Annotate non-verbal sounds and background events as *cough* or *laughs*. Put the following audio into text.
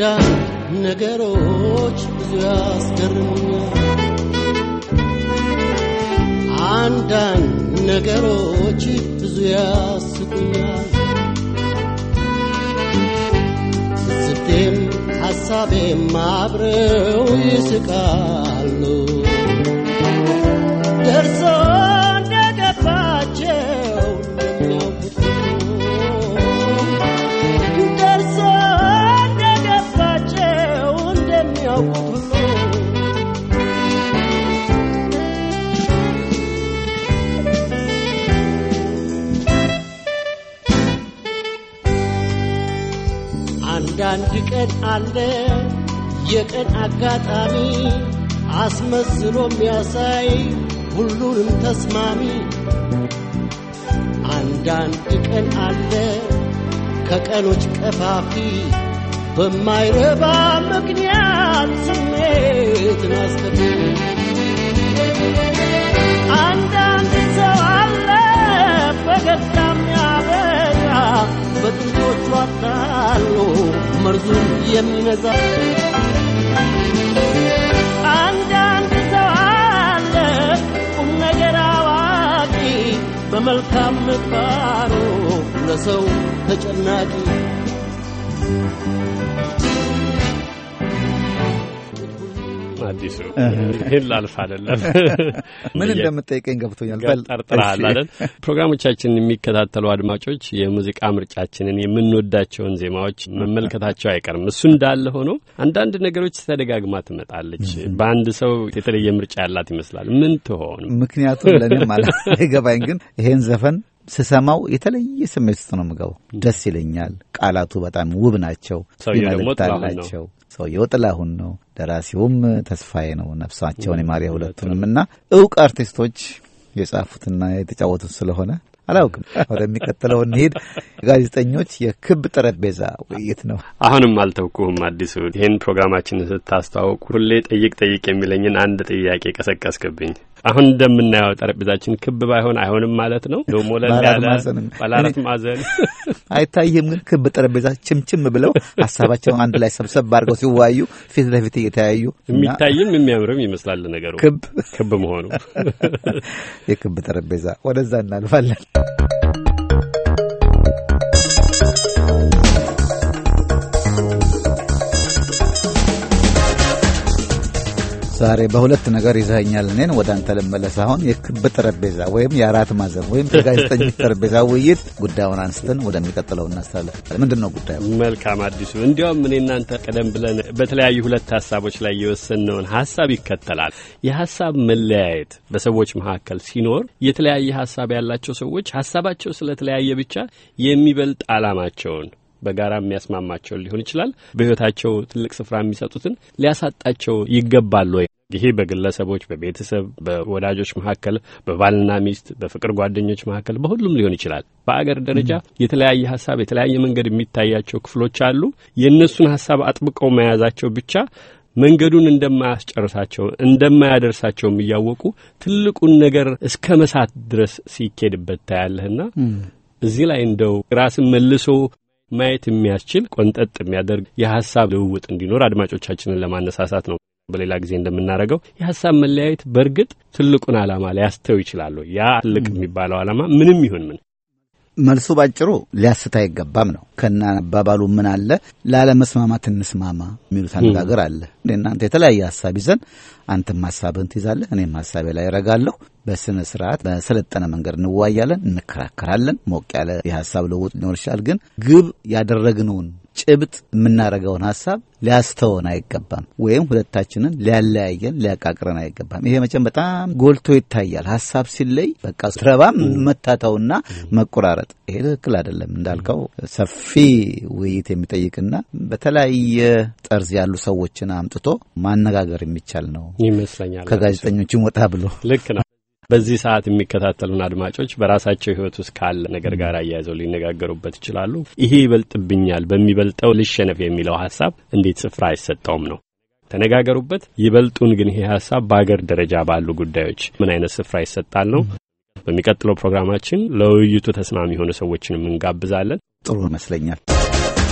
ያስረዳል። ነገሮች ብዙ ያስገርሙኛል። አንዳንድ ነገሮች ብዙ ያስቁኛል። ስስቴም ሐሳቤም አብረው ይስቃሉ ደርሰው አንድ ቀን አለ የቀን አጋጣሚ አስመስሎ የሚያሳይ ሁሉንም ተስማሚ። አንዳንድ ቀን አለ ከቀኖች ቀፋፊ በማይረባ ምክንያት ስሜት ናስተፊ አንዳንድ ሰው አለ በገዛ የሚያበዛ በጥንቶቹ አታሎ መርዙን የሚነዛ አንዳንድ ሰው አለ ቁም ነገር አዋቂ በመልካም ምግባሩ ለሰው ተጨናቂ አዲሱ ይህን ላልፍ አይደለም ምን እንደምጠይቀኝ ገብቶኛል። ጠርጥራል አይደል? ፕሮግራሞቻችንን የሚከታተሉ አድማጮች የሙዚቃ ምርጫችንን የምንወዳቸውን ዜማዎች መመልከታቸው አይቀርም። እሱ እንዳለ ሆኖ አንዳንድ ነገሮች ተደጋግማ ትመጣለች። በአንድ ሰው የተለየ ምርጫ ያላት ይመስላል። ምን ትሆን? ምክንያቱም ለእኔም አይገባኝ፣ *laughs* ግን ይሄን ዘፈን ስሰማው የተለየ ስሜት ውስጥ ነው የምገባው። ደስ ይለኛል። ቃላቱ በጣም ውብ ናቸው፣ ይመልታላቸው ሰውየው ጥላሁን ነው፣ ደራሲውም ተስፋዬ ነው። ነፍሳቸውን የማሪያ ሁለቱንም እና እውቅ አርቲስቶች የጻፉትና የተጫወቱት ስለሆነ አላውቅም። ወደሚቀጥለው እንሄድ። ጋዜጠኞች የክብ ጠረጴዛ ውይይት ነው። አሁንም አልተውኩህም። አዲሱ ይህን ፕሮግራማችን ስታስተዋውቅ ሁሌ ጠይቅ ጠይቅ የሚለኝን አንድ ጥያቄ ቀሰቀስክብኝ። አሁን እንደምናየው ጠረጴዛችን ክብ ባይሆን አይሆንም ማለት ነው። ደሞ ለአራት ማዕዘን አይታይህም። ግን ክብ ጠረጴዛ ችምችም ብለው ሀሳባቸውን አንድ ላይ ሰብሰብ አድርገው ሲወያዩ ፊት ለፊት እየተያዩ የሚታይም የሚያምርም ይመስላል ነገሩ ክብ ክብ መሆኑ *laughs* የክብ ጠረጴዛ። ወደዛ እናልፋለን። ዛሬ በሁለት ነገር ይዘኸኛል እኔን። ወደ አንተ ልመለስ። አሁን የክብ ጠረጴዛ ወይም የአራት ማዘን ወይም ከጋዜጠኞች *laughs* ጠረጴዛ ውይይት ጉዳዩን አንስተን ወደሚቀጥለው እናስታለን። ምንድን ነው ጉዳዩ? መልካም አዲሱ። እንዲያውም እኔ እናንተ ቀደም ብለን በተለያዩ ሁለት ሀሳቦች ላይ የወሰንነውን ሀሳብ ይከተላል። የሀሳብ መለያየት በሰዎች መካከል ሲኖር የተለያየ ሀሳብ ያላቸው ሰዎች ሀሳባቸው ስለተለያየ ብቻ የሚበልጥ አላማቸውን? በጋራ የሚያስማማቸው ሊሆን ይችላል በህይወታቸው ትልቅ ስፍራ የሚሰጡትን ሊያሳጣቸው ይገባል ወይ? ይሄ በግለሰቦች፣ በቤተሰብ፣ በወዳጆች መካከል፣ በባልና ሚስት፣ በፍቅር ጓደኞች መካከል፣ በሁሉም ሊሆን ይችላል። በአገር ደረጃ የተለያየ ሀሳብ የተለያየ መንገድ የሚታያቸው ክፍሎች አሉ። የእነሱን ሀሳብ አጥብቀው መያዛቸው ብቻ መንገዱን እንደማያስጨርሳቸው እንደማያደርሳቸውም እያወቁ ትልቁን ነገር እስከ መሳት ድረስ ሲኬድበት ታያለህና እዚህ ላይ እንደው ራስን መልሶ ማየት የሚያስችል ቆንጠጥ የሚያደርግ የሀሳብ ልውውጥ እንዲኖር አድማጮቻችንን ለማነሳሳት ነው። በሌላ ጊዜ እንደምናደርገው የሀሳብ መለያየት በእርግጥ ትልቁን ዓላማ ሊያስተው ይችላሉ። ያ ትልቅ የሚባለው ዓላማ ምንም ይሁን ምን መልሱ ባጭሩ ሊያስት አይገባም ነው። ከና አባባሉ ምን አለ ላለመስማማት እንስማማ የሚሉት አነጋገር አለ። እናንተ የተለያየ ሀሳብ ይዘን አንተም ሀሳብህን ትይዛለህ፣ እኔም ሀሳቤ ላይ ረጋለሁ። በስነ ስርዓት በሰለጠነ መንገድ እንወያያለን፣ እንከራከራለን። ሞቅ ያለ የሀሳብ ልውውጥ ሊኖር ይችላል። ግን ግብ ያደረግነውን ጭብጥ የምናደርገውን ሀሳብ ሊያስተወን አይገባም፣ ወይም ሁለታችንን ሊያለያየን ሊያቃቅረን አይገባም። ይሄ መቼም በጣም ጎልቶ ይታያል። ሀሳብ ሲለይ በቃ ትረባም መታተውና መቆራረጥ፣ ይሄ ትክክል አይደለም። እንዳልከው ሰፊ ውይይት የሚጠይቅና በተለያየ ጠርዝ ያሉ ሰዎችን አምጥቶ ማነጋገር የሚቻል ነው ይመስለኛል። ከጋዜጠኞችም ወጣ ብሎ ልክ ነው። በዚህ ሰዓት የሚከታተሉን አድማጮች በራሳቸው ሕይወት ውስጥ ካለ ነገር ጋር አያይዘው ሊነጋገሩበት ይችላሉ። ይሄ ይበልጥብኛል፣ በሚበልጠው ልሸነፍ የሚለው ሀሳብ እንዴት ስፍራ አይሰጠውም ነው። ተነጋገሩበት። ይበልጡን ግን ይሄ ሀሳብ በአገር ደረጃ ባሉ ጉዳዮች ምን አይነት ስፍራ ይሰጣል ነው። በሚቀጥለው ፕሮግራማችን ለውይይቱ ተስማሚ የሆኑ ሰዎችንም እንጋብዛለን። ጥሩ ይመስለኛል።